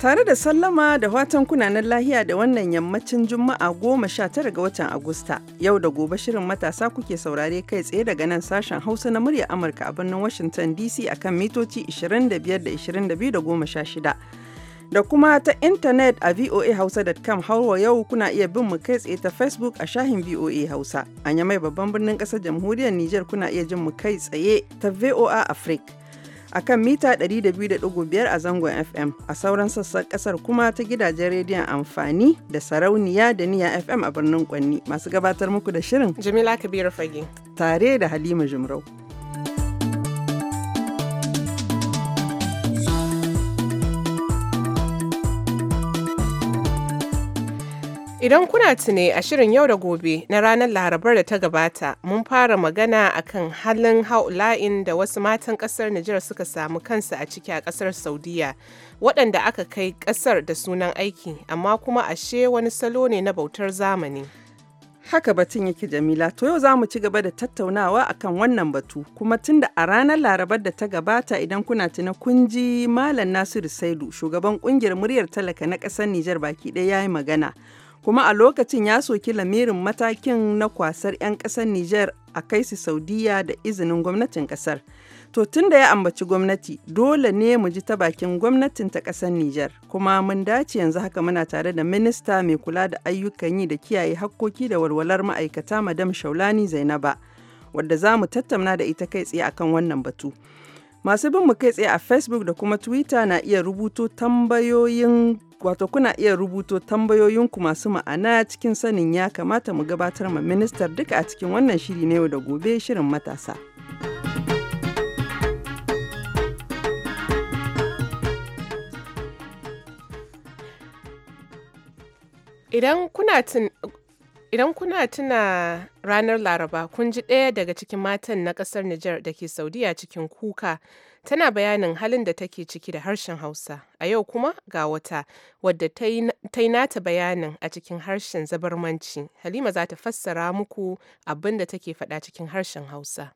Tare da sallama da watan kunanan lahiya da wannan yammacin Juma'a goma sha tara ga watan Agusta. Yau da gobe shirin matasa kuke saurare kai tsaye daga nan sashen Hausa na murya Amurka a birnin Washington DC akan mitoci 25 da 22 da goma sha shida. Da kuma ta intanet a voahausa.com hawa yau kuna iya bin mu kai tsaye ta Facebook a shahin VOA Hausa. A yamai babban birnin ƙasar jamhuriyar Nijar kuna iya jin mu kai tsaye ta VOA Africa. a kan mita biyar a zangon FM a sauran sassan kasar kuma ta gidajen rediyon amfani da sarauniya da niya FM a birnin Kwanni masu gabatar muku da shirin Jamila Kabiru Fage tare da Halima Jumrau. Idan kuna tune a shirin yau da gobe na ranar Larabar da ta gabata, mun fara magana a kan halin haula'in da wasu matan kasar Nijar suka samu kansu a ciki a kasar Saudiya, waɗanda aka kai kasar da sunan aiki, amma kuma ashe wani salo ne na bautar zamani. Haka batun yake Jamila, to yau za mu ci gaba da tattaunawa akan wannan batu, kuma tun da a ranar Larabar da ta gabata idan kuna tuna kun ji Malam Nasiru sailu shugaban kungiyar muryar talaka na ƙasar Nijar baki ɗaya ya yi magana. kuma a lokacin ya soki lamirin matakin na kwasar 'yan ƙasar Nijar a kai su Saudiya da izinin gwamnatin ƙasar. To tun da ya ambaci gwamnati dole ne mu ji ta bakin gwamnatin ta ƙasar Nijar kuma mun dace yanzu haka muna tare da minista mai kula da ayyukan yi da kiyaye hakkoki da walwalar ma'aikata Madam Shaulani Zainaba wadda za mu tattauna da ita kai tsaye akan wannan batu. Masu bin mu kai tsaye a Facebook da kuma Twitter na iya rubuto tambayoyin wato kuna iya rubuto tambayoyinku masu ma'ana cikin sanin ya kamata mu gabatar ma ministar duka a cikin wannan shiri na yau da gobe shirin matasa. Idan kuna Idan kuna tuna ranar Laraba kun ji ɗaya daga cikin matan na ƙasar Nijar da ke Saudiya cikin kuka tana bayanin halin da take ciki da harshen Hausa. A yau kuma ga wata wadda ta yi nata bayanin a cikin harshen zabarmanci. Halima za ta fassara muku abin da take faɗa cikin harshen Hausa.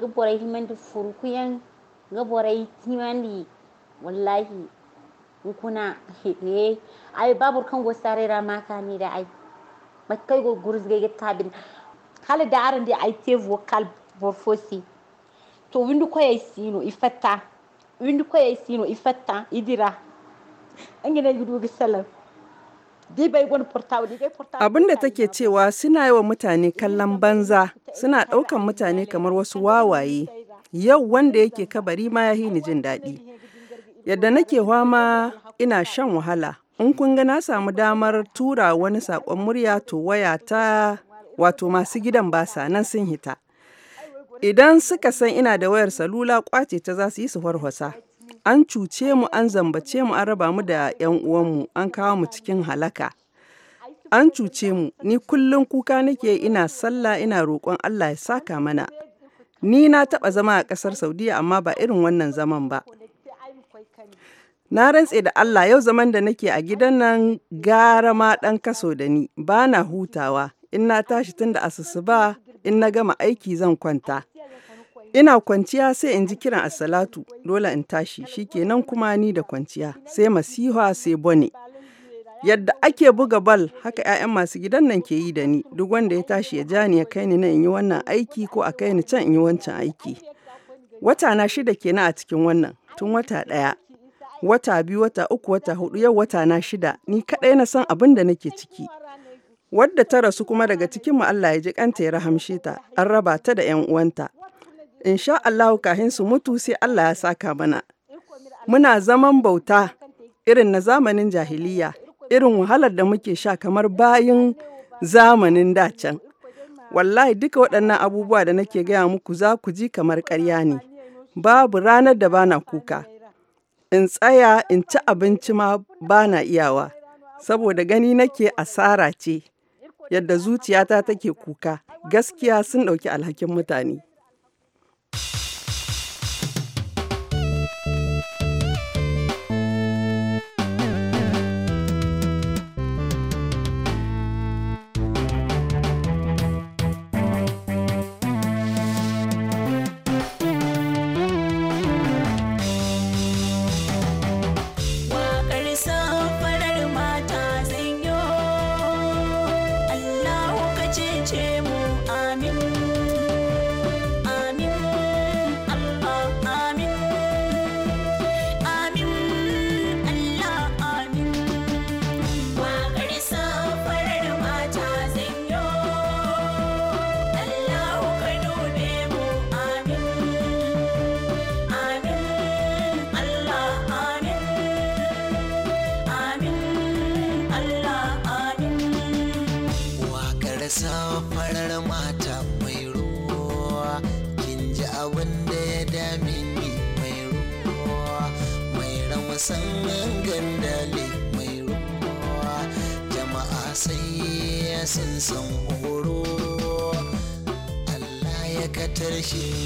Gaborai himan da furukuyan gaborai himan da wallahi kuna ne ai babur kan go ra maka ne da ai makai go gurus ga tabin hal da aran da ai te vocal morphosis to windu ko yai sino ifata windu ko yai sino ifata idira angina yudu gisalam Abin da take cewa suna yi wa mutane kallon banza suna daukan mutane kamar wasu wawaye yau wanda yake kabari ma ya ni jin daɗi. Yadda nake hwama ina shan wahala in kun ga na samu damar tura wani sakon murya to waya ta wato masu gidan basa nan sun hita. Idan suka san ina da wayar salula kwace ta za su yi su warhasa An cuce mu, an zambace mu, an raba mu da 'yan uwanmu, an kawo mu cikin halaka. An cuce mu, ni kullum kuka nake ina sallah ina roƙon Allah ya saka mana. Ni na taɓa zama a ƙasar Saudiya amma ba irin wannan zaman ba. Na rantse da Allah yau zaman da nake a gidan nan gara ma ɗan kaso da ni, ba na hutawa, in na tashi tun da asusu ba in na gama aiki zan kwanta. Ina kwanciya sai in ji kiran assalatu dole in tashi shi shikenan kuma ni da kwanciya sai masiha sai bone. Yadda ake buga bal haka 'ya'yan masu gidan nan ke yi da ni duk wanda ya tashi ya ja ni ya kai ni na in yi wannan aiki ko a kai ni can in yi wancan aiki. Wata na shida kenan a cikin wannan tun wata ɗaya wata biyu wata uku wata hudu yau wata na shida ni kaɗai na san abin da nake ciki wadda ta rasu kuma daga cikinmu Allah ya ji kanta ya rahamshe ta an raba ta da yan uwanta insha Allah kahin su mutu sai Allah ya saka mana muna zaman bauta irin na zamanin jahiliya irin wahalar da muke sha kamar bayin zamanin da can. wallahi duka waɗannan abubuwa da nake gaya muku za ku ji kamar ƙarya ne babu ranar da bana kuka in tsaya in ci abinci ma bana iyawa saboda gani nake asara ce yadda zuciyata take kuka gaskiya sun ɗauki alhakin mutane mexer.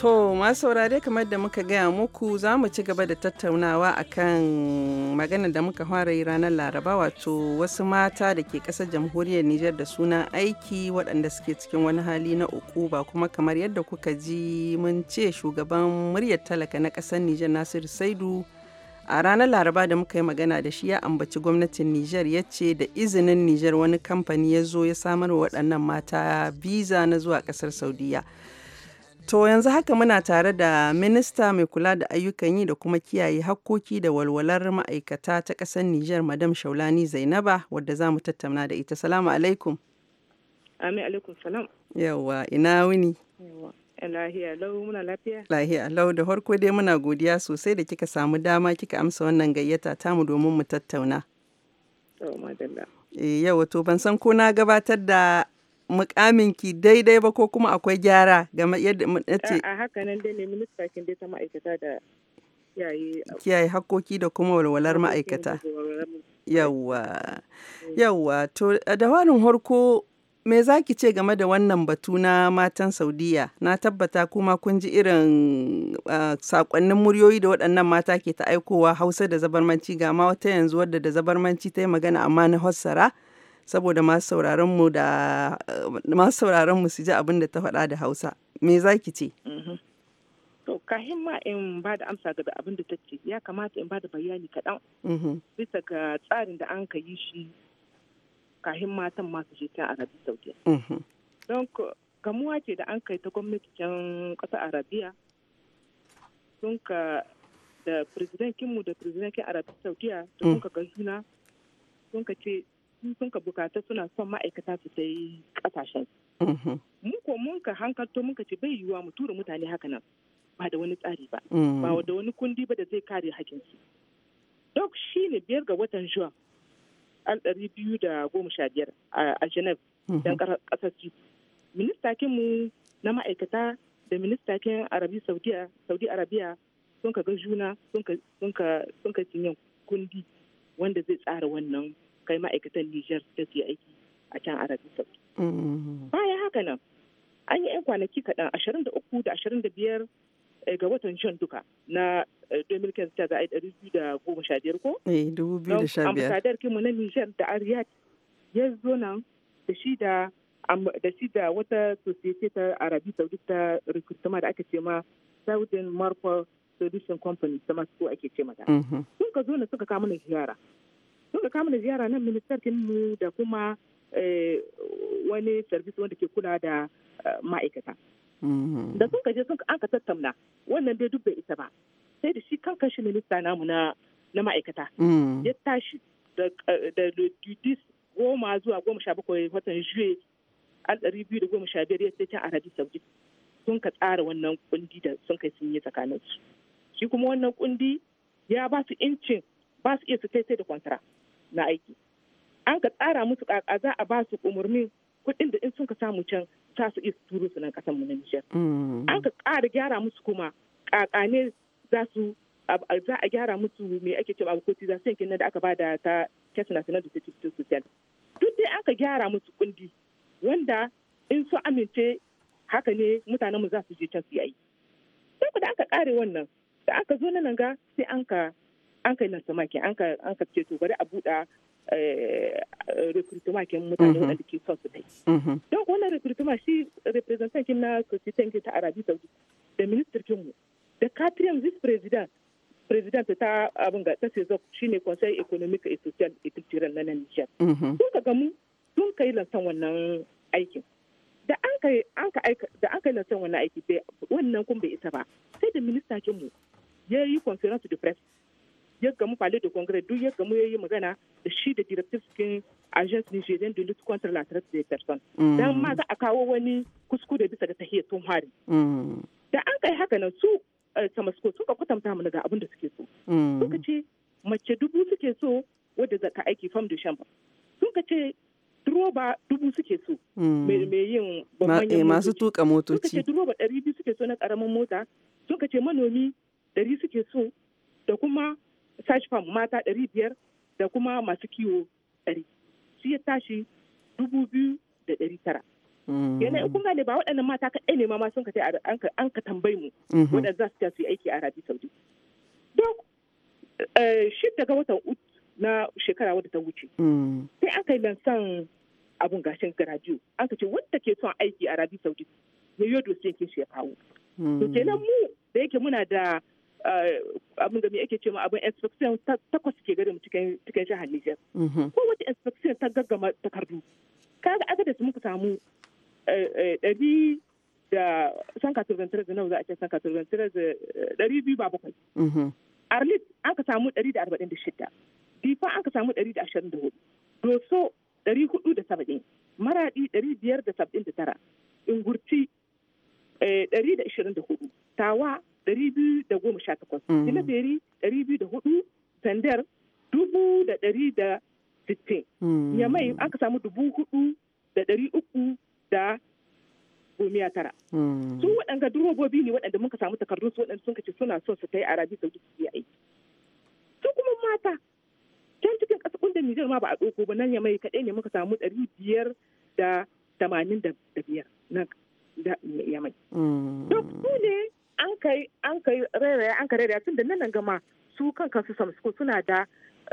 To masu saurare kamar da muka gaya muku za mu ci gaba da tattaunawa akan maganar da muka fara yi ranar Laraba wato wasu mata da ke ƙasar jamhuriyar Nijar da suna aiki waɗanda suke cikin wani hali na uku ba kuma kamar yadda kuka ji mun ce shugaban muryar talaka na ƙasar Nijar Nasiru Saidu a ranar Laraba da muka yi magana da shi ya ambaci gwamnatin Nijar ya ce da izinin Nijar wani kamfani ya zo ya samar wa waɗannan mata biza na zuwa ƙasar Saudiya. To yanzu haka muna tare da minista mai kula da ayyukan yi da kuma kiyaye hakkoki da walwalar ma'aikata ta ƙasar Nijar Madam Shaulani Zainaba wadda za mu tattauna da ita. Salamu alaikum. Amin alaikum salam. Yawwa ina wuni. Eh, lahiya lau muna lafiya. Lahiya lau da harko dai muna godiya sosai da kika samu dama kika amsa wannan gayyata tamu domin mu tattauna. Eh, Yau to ban san ko na gabatar da mukamin ki daidai ba ko kuma akwai gyara game yadda nace a haka nan dai ne minista kin dai ta ma'aikata da kiyaye kiyaye da kuma walwalar ma'aikata yawwa eh. yawwa to da warin harko me za ki ce game da wannan batu na matan saudiya na tabbata kuma kun ji irin sakonnin muryoyi da waɗannan mata ke ta aikowa hausa da zabarmanci ga ma wata yanzu wadda da zabarmanci ta yi magana amma na hassara saboda eh, masu sauraron mu su ji abin da ta faɗa da Hausa me za ki ce mm-hmm. to kahin ma in ba da amsa ga abin da ta ce ya kamata in ba da bayani kaɗan mm-hmm. bisa ga tsarin da an ka yi shi kahin matan masu je ta arabi saudiya mm-hmm. don gamuwa ce da an kai ta gwamnati can ƙasa arabiya sun ka da president da president arabi saudiya da sun mm. ka ga suna sun ka ce sun sun ka bukata suna son ma'aikata su ta yi kasashen mhm. mu ko mun ka hankalto mun ka ce bai yiwuwa mu tura mutane haka nan ba da wani tsari ba mhm. ba da wani kundi ba da zai kare su dok shi ne biyar ga watan juwan al ɗari biyu da goma sha biyar a geneve mhm. don ƙasar minista mu na ma'aikata da minista kin arabi saudi arabiya sun ka ga juna sun ka sun kundi wanda zai tsara wannan kai ma'aikatan Nijar da ke aiki a can Arabin Saudi. Mm-hmm. Bayan haka nan an yi 'yan kwanaki kaɗan 23 da 25 eh, ga watan Jun duka na 2015 eh, za a yi 2015 ko? Eh 2015. Ambasadar kinmu na Nijar da Ariyat ya zo nan da shi da da shi da wata societe ta arabi saudi ta rikirtama da aka ce ma southern marple solution company ta masu ake ce mata mm-hmm. sun ka zo na suka kama na ziyara suka kama da ziyara nan ministarkin da kuma eh, wani sarfis wanda ke kula da eh, ma'aikata mm-hmm. da sun kaje sun an ka tattauna wannan dai duk bai isa ba sai da shi kan kashi minista namu na na ma'aikata mm-hmm. ya tashi da eh, dudis goma zuwa goma sha bakwai watan juye al ɗari biyu da goma sha biyar ya sai can arabi saudi sun ka tsara wannan kundi da sun kai sun yi tsakaninsu shi kuma wannan kundi ya ba su incin ba su iya su sai da kwantara na aiki an ka tsara musu kaka za a ba su umarnin kuɗin da in sun ka samu can sa su iya turo su nan ƙasar mu na Nijar mm. an ka ƙara gyara musu kuma ƙaƙa ne za su za a gyara musu me ake cewa abokoti za su da aka ba da ta kesa sanar da security social duk dai an ka gyara musu kundi wanda in su amince haka ne mutanenmu za su je can su yi sai da aka kare wannan da aka zo na nan ga sai an ka an kai nan maki an ka ce to bari a buɗa eh, recruitment kin mutane mhm. waɗanda ke son su dai. Mhm. Don wannan recruitment shi representant kin na Christian ta Arabi Saudi da minister kin mu da Katriam vice president president ta abin ga ta Sezok shine Conseil Economic et Social et Culturel na Niger. Mhm. Sun ka gamu sun kai lansan wannan aikin. Da an kai da an kai lansan wannan aiki wannan kun bai isa ba sai da minister kin mu ya yi conference de presse yadda mu pale da congrès duk yadda mu yayi magana da shi da directive cikin agence nigerian de lutte contre la traite des personnes mm. dan ma za a kawo wani kusku da bisa ga tahiyar tun hari mm. da an kai haka nan su samasko eh, sun ka kwatanta mana ga abin da suke so mm. suka ce mace dubu suke so wadda za ka aiki fam da shamba suka ce duroba dubu suke so mai yin babban eh, masu tuka motoci suka ce duroba ɗari biyu suke so na ƙaramin mota suka ce manomi ɗari suke so da kuma sashi fam mata ɗari biyar da kuma masu kiwo ɗari shi ya tashi dubu biyu da ɗari tara yanayi mm. kun gane ba waɗannan mata kaɗai ne ma sun ka an ka tambayi mu mm-hmm. waɗanda za su su yi aiki a arabi saudi don eh, shi daga watan ut na shekara wadda ta wuce mm. sai an kai lansan abun gashin garajiyo an ka ce wanda ke son aiki a arabi saudi ya yau dosiyan ke shi ya kawo to mm. kenan mu da yake muna da abin da mai ake ce abin inspection takwas ke gare mu cikin jihar Niger. Mhm. Ko wata inspection ta gaggama takardu. Kaga aka da muka samu eh, eh, ɗari da sanka turbantar da nawa za a ce sanka turbantar da eh, ɗari biyu ba bakwai. Mhm. Arlit an ka samu ɗari da arba'in da shida. Difa an ka samu ɗari da ashirin da hudu. Doso ɗari hudu da saba'in. Maraɗi ɗari biyar da saba'in da tara. Ingurci ɗari da ashirin da hudu. Tawa Dari biyu da goma sha takwas tilaberi mm. dari biyu da hudu sandar dubu da dari da sittin mm. yamai aka samu dubu hudu da dari uku da gomiya tara mm. su waɗanga durobobi ne waɗanda muka samu takardu su waɗanda sun kace suna son su ta yi arabi da su yi aiki su kuma mata can cikin ƙasa kundin Nijar ma ba a ɗauko ba nan yamai kaɗai ne muka samu ɗari biyar da tamanin da biyar na yamai. Duk su ne an kai an kai rairaya an kai rairaya tun da nan gama su kan kansu samsko suna da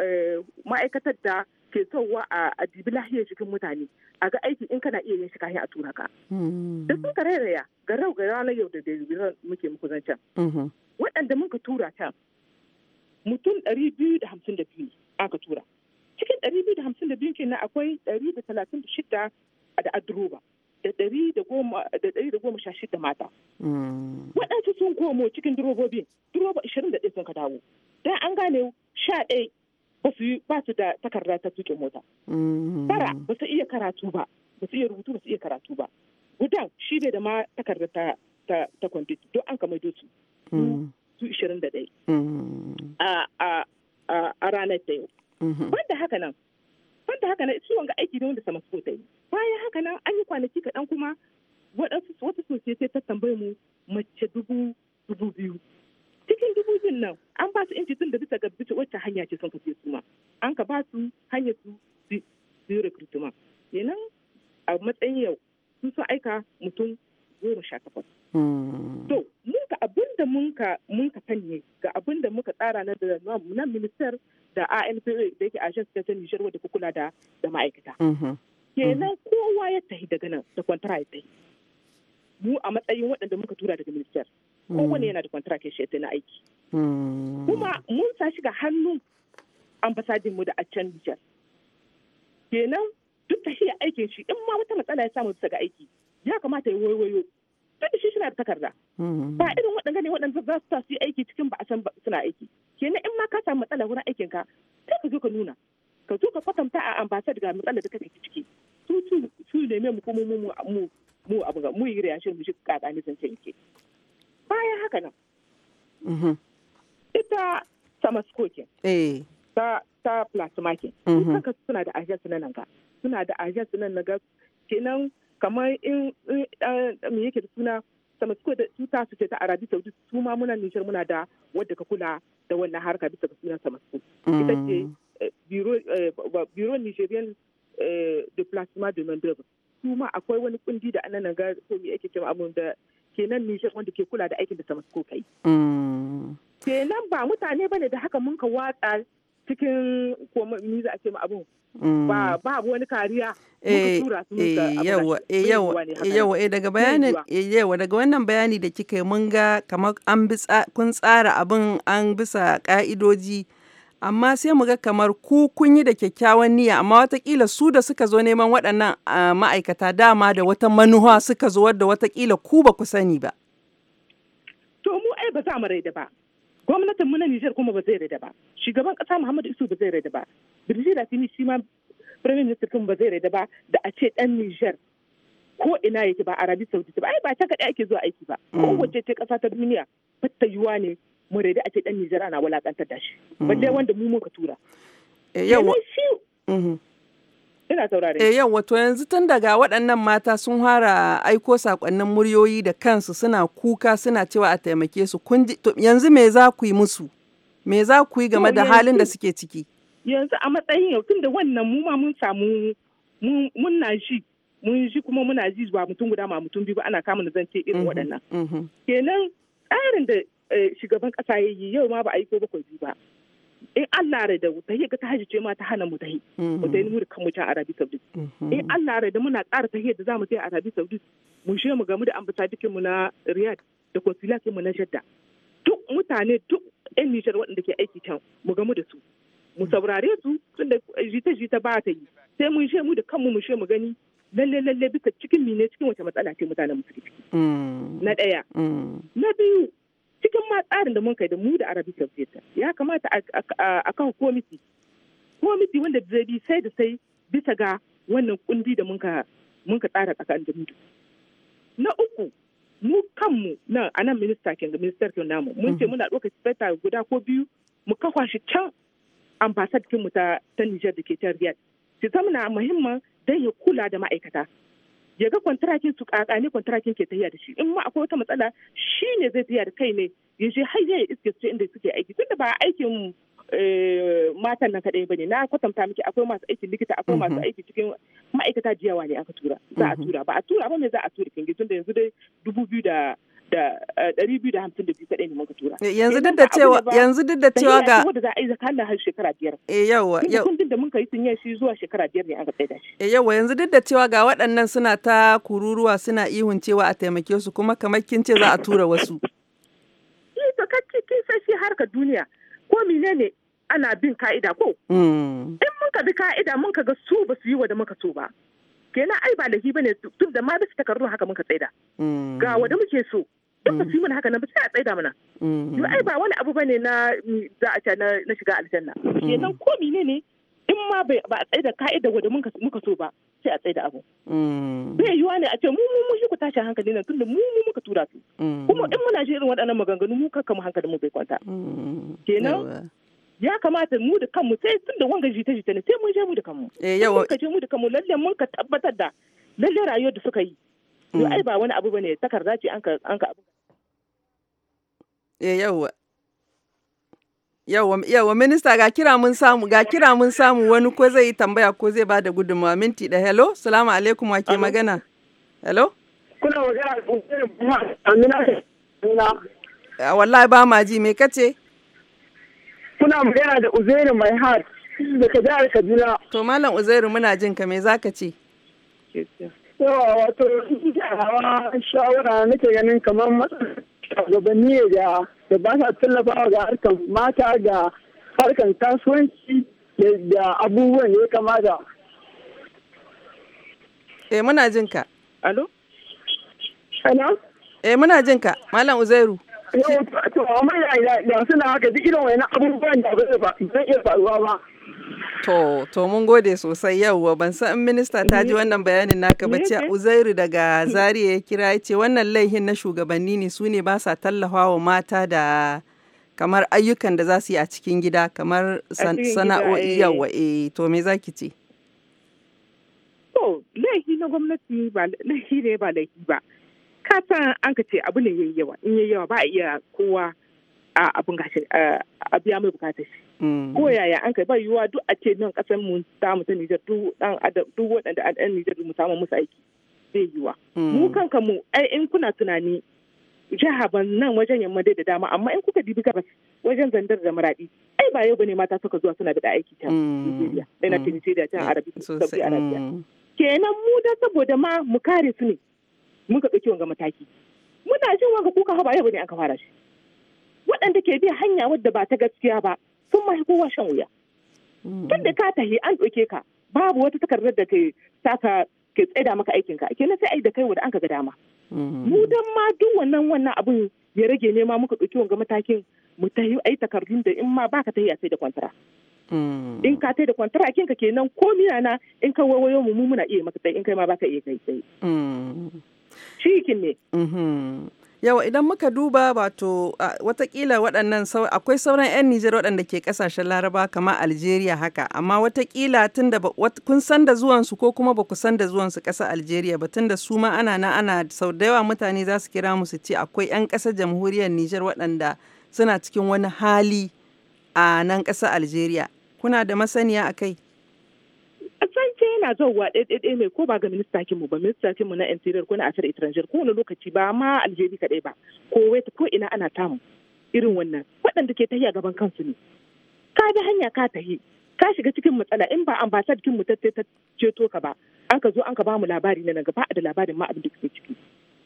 eh, ma'aikatar da ke sauwa a dibi lahiyar cikin mutane a ga aiki in kana iya yin shi kahin a tura ka. Hmm. Da sun ka rairaya ga rau ga ranar yau da da muke muku can. Mm-hmm. Waɗanda mun ka tura ta mutum ɗari biyu da hamsin da biyu ka tura. Cikin ɗari biyu da hamsin da biyu kenan akwai ɗari da talatin da shida da adroba. da ɗari da goma sha shida mata. Mm. Waɗansu sun komo cikin durobobin, duroba ishirin da ɗaya sun ka dawo. Dan an gane sha ɗaya ba su ba su da takarda ta tuƙe mota. Bara mm. ba su iya karatu ba, ba su iya rubutu ba su iya karatu ba. Gudan shi bai da ma takarda ta ta ta kwantiti don an kamar su. Su ishirin mm. da ɗaya. A ranar ta yau. Mm-hmm. Banda haka nan da haka na ciwon ga aiki ne wanda sama su ta yi bayan haka nan an yi kwanaki kaɗan kuma waɗansu wata sosai ta tambaye mu mace dubu dubu biyu cikin dubu biyun nan an ba su inji tun da bisa ga bisa wacce hanya ce sun kace su ma an ka ba su hanya su su recruitment kenan a matsayin yau sun so aika mutum goma sha takwas Hmm. To, mun ka abin da mun ka ga abin da muka tsara na da nan ministar da ANPA da yake a ta ta Nijar wadda kula da ma'aikata. Hmm. Kenan kowa ya tahi daga nan da kwantara ya tahi. Mu a matsayin waɗanda muka tura daga ministar. Hmm. Kowane yana da kwantara ke shi na aiki. Kuma mun sa shi ga hannun ambasadin mu da a can Nijar. Kenan duk tahiya aikin shi in ma wata matsala ya samu ga aiki ya kamata ya wayo ta shi shi da takarda hmm. ba irin waɗanda ne waɗanda za su su yi aiki cikin ba a san suna aiki kenan in ma ka samu matsala wurin aikin ka sai ka zo ka nuna ka zo ka kwatanta a ambassador ga matsalar da kake ciki su su su ne mu kuma mu mu mu abu ga mu yi riyashin mu shi kakani zance yake bayan haka nan mm-hmm. ita sama skokin eh. ta ta plasmakin kanka mm-hmm. suna da ajiyar sunan nan ga suna da ajiyar sunan nan ga kenan kamar in me yake da suna samasko da su ta ce ta arabi saudi su ma muna nijar muna da wadda ka kula da wannan harka bisa ga sunan su ita ce mm. eh, eh, biro nigerian eh, de plasma de main d'oeuvre su ma akwai wani kundi da anan ga ko me yake cewa abun da kenan nijar wanda ke kula da aikin da su kai mm. kenan ba mutane bane da haka mun ka watsa cikin ko za a ce ma mm. ba ba wani kariya eh, eh, yawa eh, eh daga bayanin yawa daga wannan bayani da kika mun ga kamar an bi kun tsara abin an bisa ka'idoji amma sai mu ga kamar ku kun yi da kyakkyawan niyya amma watakila su da suka zo neman waɗannan ma'aikata dama da wata manuwa suka zo wadda watakila ku ba ku sani ba to mu ai ba za mu rai da ba gwamnatin mu na Nijar kuma ba zai rada ba shugaban kasa Muhammadu Isu ba zai rada ba birji Tini shi ma Prime Minister kuma ba zai rada ba da a ce dan Nijar ko ina yake ba Arabi Saudita ba ai ba ta kaɗai ake zuwa aiki ba mm. kowace ce kasa ta duniya yuwa ne mu rada a ce dan Nijar ana wulakantar da shi mm. ba dai wanda mu muka tura eh, yawa Ina saurare. Eh yawa to yanzu tun daga waɗannan mata sun fara aiko sakonnin muryoyi da kansu suna kuka suna cewa a taimake su. Kun yanzu me za ku yi musu? Me za ku yi game da halin da suke ciki? Yanzu a matsayin yau tun da wannan mu ma mun samu mun na ji mun ji kuma muna ji ba mutum guda ma mutum biyu ba ana kama da ce irin mm-hmm, waɗannan. Mm-hmm. Kenan tsarin da eh, shugaban ƙasa ya yi yau ma ba a yi ko bakwai biyu ba. in Allah rai da wuta ga ta ce ma ta hana mu tahi mhm. mu tahi mu kan mu ta Arabi Saudi mhm. in Allah rai da muna ƙara tahiyya da za mu je Arabi Saudi mu she mu gamu da ambasadikin mu na Riyadh da consulatin mu na Jeddah duk mutane duk yan Nijar waɗanda ke aiki can mu gamu da su mu saurare su da jita jita ba ta yi sai mun she mu da kanmu mu she mu gani lalle lalle bisa cikin mine cikin wace matsala ce mutanen mu ciki mm. na ɗaya mm. na biyu cikin ma tsarin da mun kai da mu da arabi Association ya kamata a kan komiti komiti wanda zai bi sai da sai bisa ga wannan kundi da mun ka tsara tsakanin da mutu na uku mu kanmu na anan minista ke ga ministar ke namu mun ce mhm. muna ɗauka speta guda ko biyu mu kafa shi can ambasad mu ta Nijar da ke ta Riyadh su zamana muhimman don ya kula da ma'aikata ya ga kwantarakin su kakane kwantarakin ke tafiya da shi in ma akwai wata matsala shi ne zai tafiya da kai ne ya je har ya iske su inda suke aiki tunda ba aikin eh, matan nan kadai bane na kwatanta miki akwai masu aikin likita akwai masu mhm. aiki cikin ma'aikata jiyawa ne aka tura za a mhm. tura ba a tura ba ne za a tura kingi tunda yanzu dai dubu biyu da da eh, ɗari biyu da hamsin da biyu kaɗai ne muka tura. Eh, yanzu duk da cewa yanzu duk da cewa ga. Da za a yi zakalla har shekara biyar. Eh yawa yau. Kundin da muka yi sun yi shi zuwa shekara biyar ne aka tsaida shi. Eh yawa yanzu duk da cewa ga waɗannan suna ta kururuwa suna ihun cewa a taimake su kuma kamar kin ce za a tura wasu. Eh to kacce kin san shi harka duniya ko menene ana bin ka'ida ko. Hmm. In mun ka bi ka'ida mun ka ga su ba su yi wa da muka so ba. kenan ai ba lahi bane tun da ma bisa takardu haka muka tsaida mm. ga wanda muke so duk ba su mm. mana haka nan ba sai a tsaida mana yo mm. ai ba wani abu bane na za a na shiga aljanna kenan ko ne in ma ba a tsaida ka'ida wanda muka so ba sai a tsaida abu bai yiwa ne a ce mu mu shi ku tashi hankali nan tunda mu mu muka tura su kuma in muna shi irin waɗannan maganganu mu kakkamu hankalin mu bai kwanta kenan ya kamata mu da kanmu sai tun da wanga jita jita ne sai mun je mu da kanmu eh ka je mu da kanmu lalle mun ka tabbatar da lalle rayuwar da suka yi to mm. ai ba wani abu bane takarda ce an ka an ka abu eh yawa yawa yawa minista ga kira mun samu ga kira mun samu wani ko zai tambaya ko zai bada gudunmawa minti da hello salamu alaikum wa ke magana hello kuna magana amina ah, wallahi ba ma ji me kace suna magana da Uzairu mai har daga jihar Kaduna. To Malam Uzairu muna jin ka me zaka ce? Yawa wato shawara nake ganin kamar matsalar shugabanni da da ba sa tallafawa ga harkan mata da harkan kasuwanci da abubuwan ya kamata. Eh muna jin ka. Alo? Alo? Eh muna jin ka Malam Uzairu. to amma ya suna haka duk irin wani abubuwan da zai iya faruwa ba To, to mun gode sosai yauwa ban san minista ta ji wannan bayanin naka ba ce Uzairu daga Zaria ya kira ya ce wannan laihin na shugabanni ne su ne ba sa tallafa wa mata da kamar ayyukan da za su yi a cikin gida kamar sana'o'i eh. yauwa eh to me za ki ce? To, laihi na gwamnati ba laihi ne ba laihi ba. san an ka ce abu ne yayi yawa in yayi yawa ba a iya kowa a abin gashi a biya mai bukatar shi mm. ko yaya an kai ba yiwuwa duk a ce nan kasan mu ta mu ta Nijar duk dan duk waɗanda an dan Nijar mu samu musu aiki zai yiwuwa mm. mu kanka mu ai in kuna tunani jiha ban nan wajen yamma dai da dama amma in kuka dibi gabas wajen zandar da maradi ai ba yau bane mata suka zuwa suna da aiki ta mm. Nigeria na Nigeria can Arabi Saudi Arabia kenan mu da saboda ma mu kare su ne muka ɗauki wanga mataki muna jin wanga kuka haba yau ne aka fara shi waɗanda ke bi hanya wadda ba ta gaskiya ba sun ma kowa shan wuya mm. tun da ka tahi an ɗauke ka babu wata takardar da ke saka ke tsaida maka aikinka kenan sai ai da kai wanda an ka ga dama mm. mu dan ma duk wannan wannan abun ya rage nema muka ɗauki wanga matakin mu tahi ai takardun da in ma baka tahi sai da kwantara mm. in ka tai da kwantara kinka kenan ko mina na in ka wayo mu muna iya maka in kai ma baka iya kai tsaye cikin ne mhm. yawa idan muka duba wato watakila waɗannan akwai sauran 'yan Nijar waɗanda ke ƙasashen laraba kamar Algeria haka amma watakila tun da kun san da zuwansu ko kuma ba ku san da zuwansu ƙasa Algeria ba tun da su ma ana na ana sau da yawa mutane za su kira mu su ce akwai 'yan ƙasar jamhuriyar Nijar waɗanda suna cikin wani hali a nan ƙasa Algeria kuna da masaniya a kai? yana wa ɗaiɗaiɗai mai ko ba ga minista kinmu ba minista kinmu na interior ko na afir étranger ko wani lokaci ba ma aljeri kaɗai ba ko wata ko ina ana tamu irin wannan waɗanda ke tahiya gaban kansu ne ka bi hanya ka tahi ka shiga cikin matsala in ba ambasad kinmu ta ceto ka ba an ka zo an ka ba mu labari na gaba da labarin ma abin da kake ciki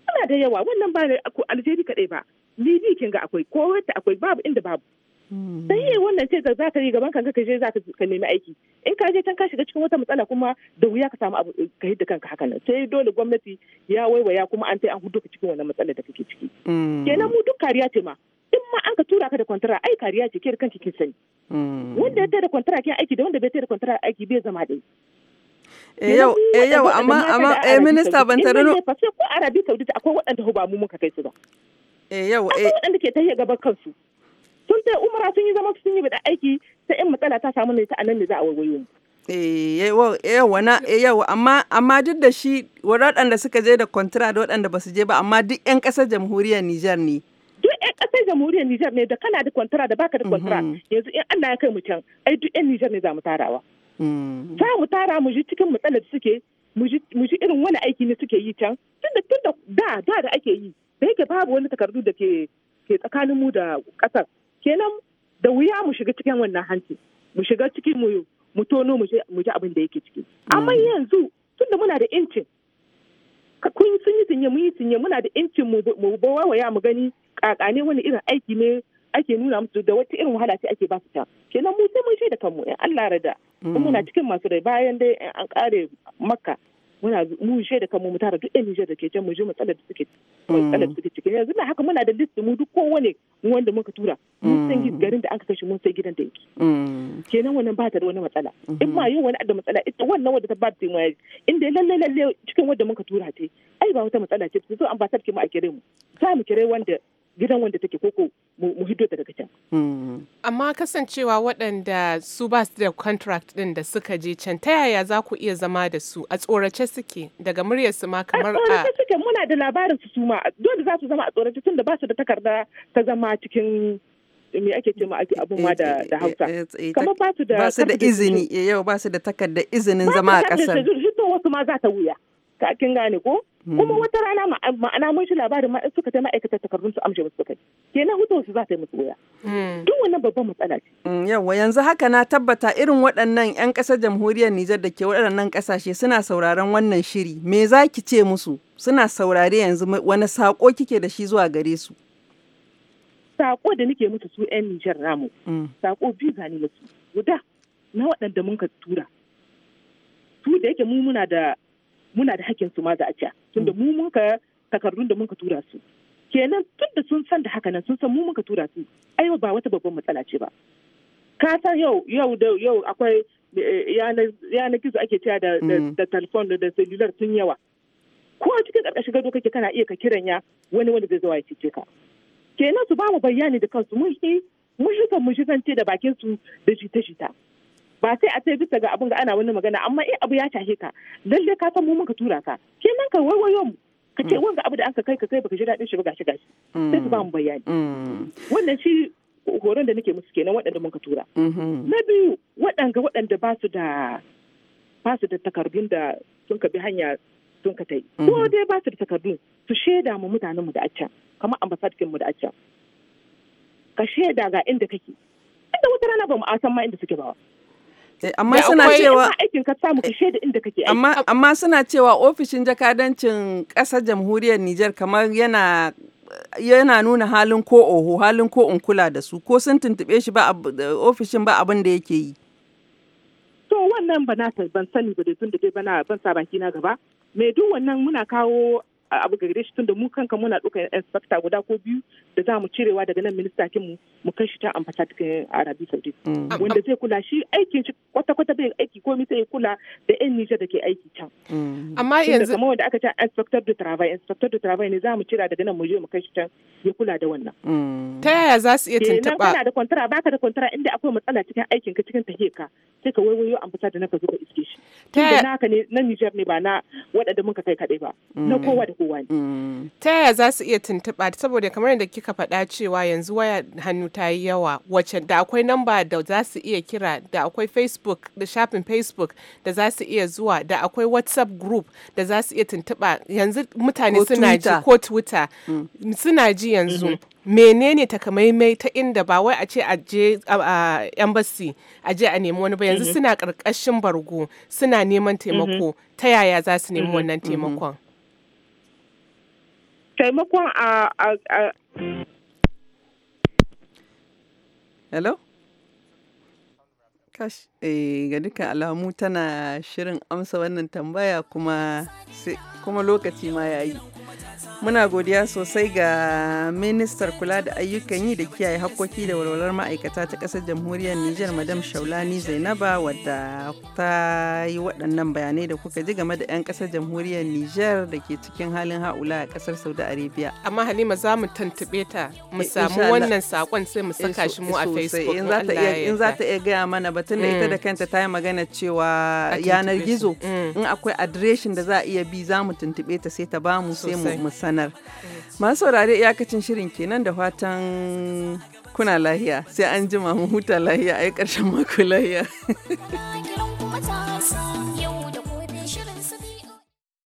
ana da yawa wannan ba aljeri kaɗai ba libi kin ga akwai ko wata akwai babu inda babu sai yi wannan ce za ka yi gaban kanka ka je za ka nemi aiki in ka je can ka shiga cikin wata matsala kuma da wuya ka samu abu ka hidda kanka haka nan sai dole gwamnati ya waiwaya kuma an tai an hudu ka cikin wannan matsalar da kake ciki mm. kenan mu duk kariya ce ma in ma an ka tura ka da kwantara ai kariya ce ke da kanki kin sani mm. wanda ya tai da kwantara ke aiki da wanda bai tai da kwantara aiki bai zama dai yau eh yau eh, amma amma eh minista ban tarano ko arabi saudita akwai waɗanda ba mu muka kai su ba eh yau eh waɗanda ke tafiya gaban kansu sun ta umara sun yi zama sun yi bada aiki sai in matsala ta samu ne ta anan ne za a wayo mu eh, eh, eh, yawa amma amma duk da shi waɗanda suka je da kontra da waɗanda ba su je ba amma duk 'yan ƙasar jamhuriyar Nijar ne. Duk 'yan ƙasar jamhuriyar Nijar ne da kana da kontra da baka da kontra mm-hmm. yanzu in Allah ya kai mu can ai duk 'yan Nijar ne za mu tarawa. Mm-hmm. Za mu tara mu ji cikin matsalar suke mu ji irin wani aiki ne suke yi can tun da da da ake yi da yake babu wani takardu da ke tsakanin mu da ƙasar kenan da wuya mu shiga cikin wannan hanci mu shiga cikin mu tono mu ji abin da yake ciki amma mm. yanzu tunda muna da incin kun sun yi tinye mun yi tinye muna da incin mu wawaya mu gani kakane wani irin aiki ne ake nuna musu da wata irin wahala ce ake ba su ta kenan mu sai mun shaida kanmu in Allah rada mm. muna cikin masu rai bayan dai an kare makka muna mu she da kanmu mu tara duk ɗan Nijar da ke can mu je mu da suke mm. tsallar da suke cikin yanzu na haka muna da list mu duk kowane wanda muka tura mun san mm. garin da aka kashe mun san gidan da yake mm. kenan wannan ba ta da wani matsala mm-hmm. in ma yau wani da matsala ita wannan wadda ta ba ta mai inda lalle lalle cikin wadda muka tura ta ai ba wata matsala ce su zo ba ke mu a kire mu za mu kire wanda gidan wanda take koko mu hiddo ta daga can. Hmm. Amma kasancewa waɗanda su ba su da contract ɗin da suka je can ta yaya za ku iya zama da su a tsorace suke daga muryar su ma kamar a. tsorace suke muna da labarin su su ma dole za su zama a tsorace tun da ba su da takarda ta zama cikin me ake ce ma ake abun ma da Hausa. Eh, eh, eh, kamar ba su da. Ba su da izini yau ba su da takarda izinin zama a kasar. Ba su da wasu ma za ta wuya. Ka kin gane ko? kuma hmm. wata rana ma'ana mun shi labarin ma suka ta ma'aikatar takardun su amshe musu kai kenan hutu su za ta yi musu hmm. duk wannan babban matsala ce hmm, yawa yanzu haka na tabbata irin waɗannan yan ƙasar jamhuriyar Nijar da ke waɗannan ƙasashe suna sauraron wannan shiri me za ki ce musu suna saurare yanzu wani saƙo kike da shi zuwa gare su saƙo da nake musu su yan Nijar namu saƙo biyu gani musu guda na waɗanda mun ka tura su da yake mu muna da muna da hakkin su ma za a ci tunda mu muka takardun da muka tura su kenan tun da sun san da haka nan sun san mu muka tura su ai ba wata babban matsala ce ba ka san yau yau da yau akwai eh, yanar gizo ake cewa da mm. da telefon da cellular tun yawa ko a cikin ƙarƙashin gado kake kana iya ka kiran ya wani wanda zai zo ya cece ka kenan su ba mu bayani da kansu mun shi mun shiga mun shigance da bakin su da jita-jita ba sai a ce bisa ga abin da ana wani magana amma eh abu ya tashe ka lalle ka san mu muka tura ka kenan ka waiwayo mu ka ce mm. wanga abu da aka kai ka kai baka ji daɗin shi ba gashi gashi sai su mm. ba mu bayani mm. wannan shi horon da nake musu kenan waɗanda muka tura mm-hmm. na biyu waɗanga waɗanda ba su da ba su da takardun da sun ka bi hanya sun ka tai mm-hmm. ko dai ba su da takardun su shaida mu mutanen mu da acca kamar ambassadin mu da acca ka shaida ga inda kake inda wata rana ba mu san ma inda suke ba amma suna cewa amma suna cewa ofishin jakadancin ƙasar jamhuriyar Nijar kamar yana yana nuna halin ko oho halin ko in kula da su ko sun tuntube shi ba ofishin ba abin da yake yi to wannan ba na ban sani ba da tun da dai bana ban sa kina na gaba me duk wannan muna kawo abu gare shi tunda mu kanka muna ɗaukar inspector guda ko biyu da za mu cirewa daga nan minista mu mu kai shi ta amfata cikin arabi saudi mm. wanda zai kula shi aikin shi kwata-kwata bai aiki ko sai ya kula da yan Niger da ke aiki can mm. amma yanzu kamar wanda aka ce inspector de travail inspector de travail ne za mu cira daga nan mu je mu kai shi can ya kula da wannan mm. ta yaya za su iya tuntuɓa kana da kwantara baka da kwantara inda akwai matsala cikin aikin ka cikin taheka sai ka waiwayo amfata da naka zo ka iske shi tunda naka ne na nijar ne ba na waɗanda muka kai kaɗai ba na kowa da Mm. Ta yaya za su iya tuntuɓa saboda kamar yadda kika faɗa cewa yanzu waya hannu ta yi yawa wacce da akwai namba da za su iya kira da akwai Facebook da shafin Facebook da za su iya zuwa da akwai WhatsApp group da za su iya tuntuɓa yanzu mutane suna ji ko Twitter mm. suna ji yanzu. Mm-hmm. menene takamaimai ta inda ba wai a ce a je embassy a je a nemi wani ba yanzu mm-hmm. suna karkashin bargo suna neman mm-hmm. taimako ta yaya za su nemi wannan taimakon taimakon a a a. hello kash eh ga dukkan alamu tana shirin amsa wannan tambaya kuma kuma lokaci ma yayi muna godiya sosai ga ministar kula da ayyukan yi da kiyaye hakkoki da walwalar ma'aikata ta ƙasar jamhuriyar niger madam Shaulani Zainaba wadda ta yi waɗannan bayanai da kuka ji game da 'yan ƙasar jamhuriyar niger da ke cikin halin haula a ƙasar Saudi Arabia. Amma Halima za mu tantube ta mu eh, samu wannan saƙon sai mu saka shi mu a eh, eh, Facebook. In za ta iya gaya mana batun da ita da mm. kanta ta yi magana cewa yanar gizo mm. in akwai adireshin da za a iya bi za mu tuntube ta sai ta bamu sai mu sanar. Masu saurare iyakacin shirin kenan da fatan kuna lahiya sai an jima mu huta lahiya a yi karshen mako lahiya.